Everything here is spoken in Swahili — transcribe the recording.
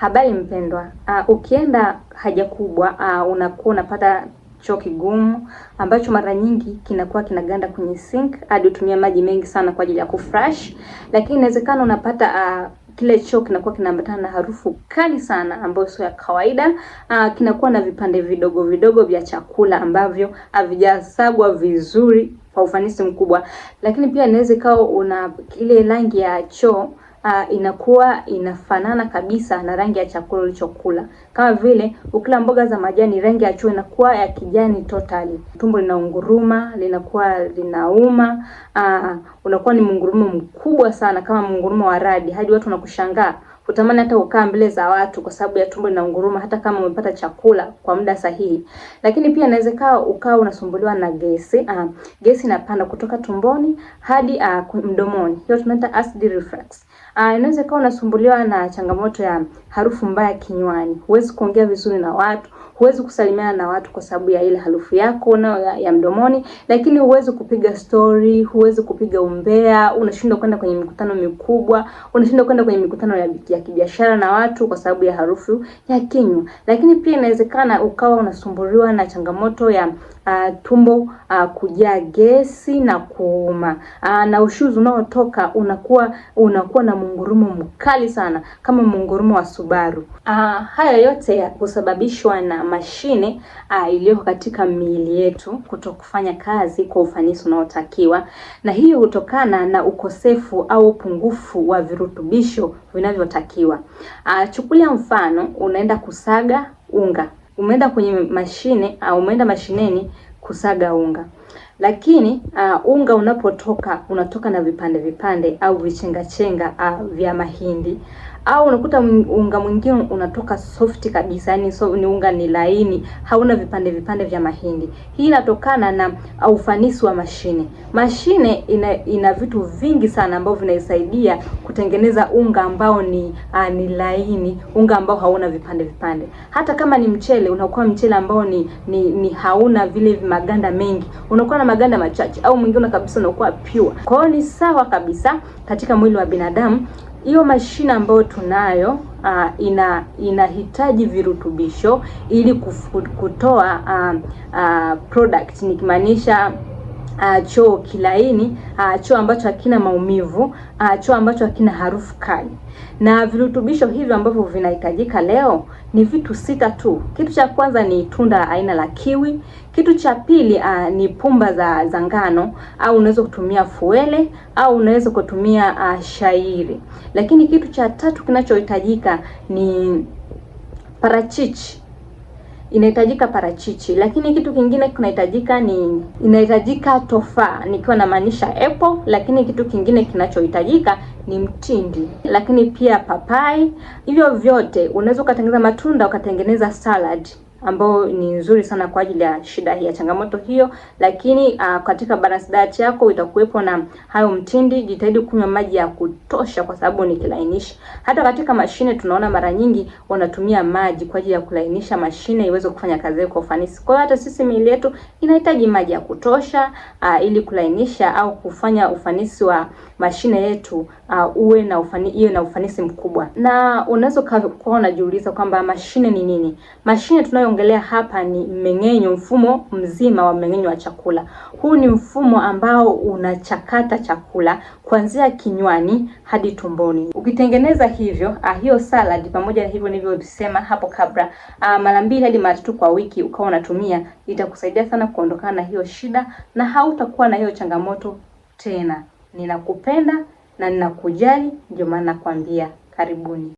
Habari mpendwa. Uh, ukienda haja kubwa uh, unakuwa unapata choo kigumu ambacho mara nyingi kinakuwa kinaganda kwenye sink hadi utumia maji mengi sana kwa ajili ya kufresh, lakini inawezekana unapata uh, kile choo kinakuwa kinaambatana na harufu kali sana ambayo sio ya kawaida. Uh, kinakuwa na vipande vidogo vidogo vya chakula ambavyo havijasagwa vizuri kwa ufanisi mkubwa, lakini pia inaweza ikawa una ile rangi ya choo uh, inakuwa inafanana kabisa na rangi ya chakula ulichokula. Kama vile ukila mboga za majani, rangi ya chuo inakuwa ya kijani totally, tumbo linaunguruma, linakuwa linauma, uh, unakuwa ni mungurumo mkubwa sana, kama mungurumo wa radi, hadi watu wanakushangaa kutamani hata kukaa mbele za watu kwa sababu ya tumbo linaunguruma, hata kama umepata chakula kwa muda sahihi. Lakini pia inawezekana ukawa unasumbuliwa na gesi uh, gesi inapanda kutoka tumboni hadi uh, mdomoni, hiyo tunaita acid reflux. Uh, inaweza kuwa unasumbuliwa na changamoto ya harufu mbaya kinywani, huwezi kuongea vizuri na watu, huwezi kusalimiana na watu kwa sababu ya ile harufu yako na ya, ya mdomoni, lakini huwezi kupiga story, huwezi kupiga umbea, unashindwa kwenda kwenye mikutano mikubwa, unashindwa kwenda kwenye mikutano ya biki ya kibiashara na watu kwa sababu ya harufu ya kinywa, lakini pia inawezekana ukawa unasumbuliwa na changamoto ya uh, tumbo uh, kujaa gesi na kuuma uh, na ushuzi unaotoka unakuwa unakuwa na mungurumo mkali sana kama mungurumo wa Subaru. Uh, haya yote husababishwa na mashine uh, iliyoko katika miili yetu kutokufanya kazi kwa ufanisi unaotakiwa, na hiyo hutokana na ukosefu au upungufu wa virutubisho vinavyotakiwa. Uh, chukulia mfano unaenda kusaga unga umeenda kwenye mashine au ah, umeenda mashineni kusaga unga, lakini uh, unga unapotoka unatoka na vipande vipande au vichenga chenga uh, vya mahindi au unakuta unga mwingine unatoka soft kabisa, yani so, ni unga ni laini, hauna vipande vipande vya mahindi. Hii inatokana na ufanisi wa mashine. Mashine ina, ina vitu vingi sana ambavyo vinaisaidia kutengeneza unga ambao ni a, ni laini, unga ambao hauna vipande vipande. Hata kama ni mchele unakuwa mchele ambao ni, ni, ni hauna vile maganda mengi, unakuwa na maganda machache, au mwingine kabisa unakuwa pure. Kwa hiyo ni sawa kabisa katika mwili wa binadamu hiyo mashine ambayo tunayo uh, ina inahitaji virutubisho ili kutoa uh, uh, product nikimaanisha uh, choo kilaini uh, choo ambacho hakina maumivu uh, choo ambacho hakina harufu kali. Na virutubisho hivyo ambavyo vinahitajika leo ni vitu sita tu. Kitu cha kwanza ni tunda aina la kiwi. Kitu cha pili uh, ni pumba za, za ngano au unaweza kutumia fuele au unaweza kutumia uh, shairi. Lakini kitu cha tatu kinachohitajika ni parachichi inahitajika parachichi, lakini kitu kingine kinahitajika ni inahitajika tofaa, nikiwa namaanisha apple, lakini kitu kingine kinachohitajika ni mtindi, lakini pia papai. Hivyo vyote unaweza ukatengeneza matunda ukatengeneza salad ambao ni nzuri sana kwa ajili ya shida hii ya changamoto hiyo. Lakini uh, katika balance diet yako itakuwepo na hayo mtindi. Jitahidi kunywa maji ya kutosha, kwa sababu ni kilainishi. Hata katika mashine tunaona mara nyingi wanatumia maji kwa ajili ya kulainisha mashine iweze kufanya kazi kwa ufanisi. Kwa hiyo hata sisi miili yetu inahitaji maji ya kutosha uh, ili kulainisha au kufanya ufanisi wa mashine yetu uh, uwe na ufani, iwe na ufanisi mkubwa. Na unaweza ukawa unajiuliza kwamba mashine ni nini? Mashine tunayo tunachoongelea hapa ni mmeng'enyo, mfumo mzima wa mmeng'enyo wa chakula. Huu ni mfumo ambao unachakata chakula kuanzia kinywani hadi tumboni. Ukitengeneza hivyo ah, hiyo salad pamoja na hivyo nilivyosema hapo kabla, ah, mara mbili hadi mara tatu kwa wiki ukawa unatumia, itakusaidia sana kuondokana na hiyo shida na hautakuwa na hiyo changamoto tena. Ninakupenda na ninakujali, ndio maana nakwambia karibuni.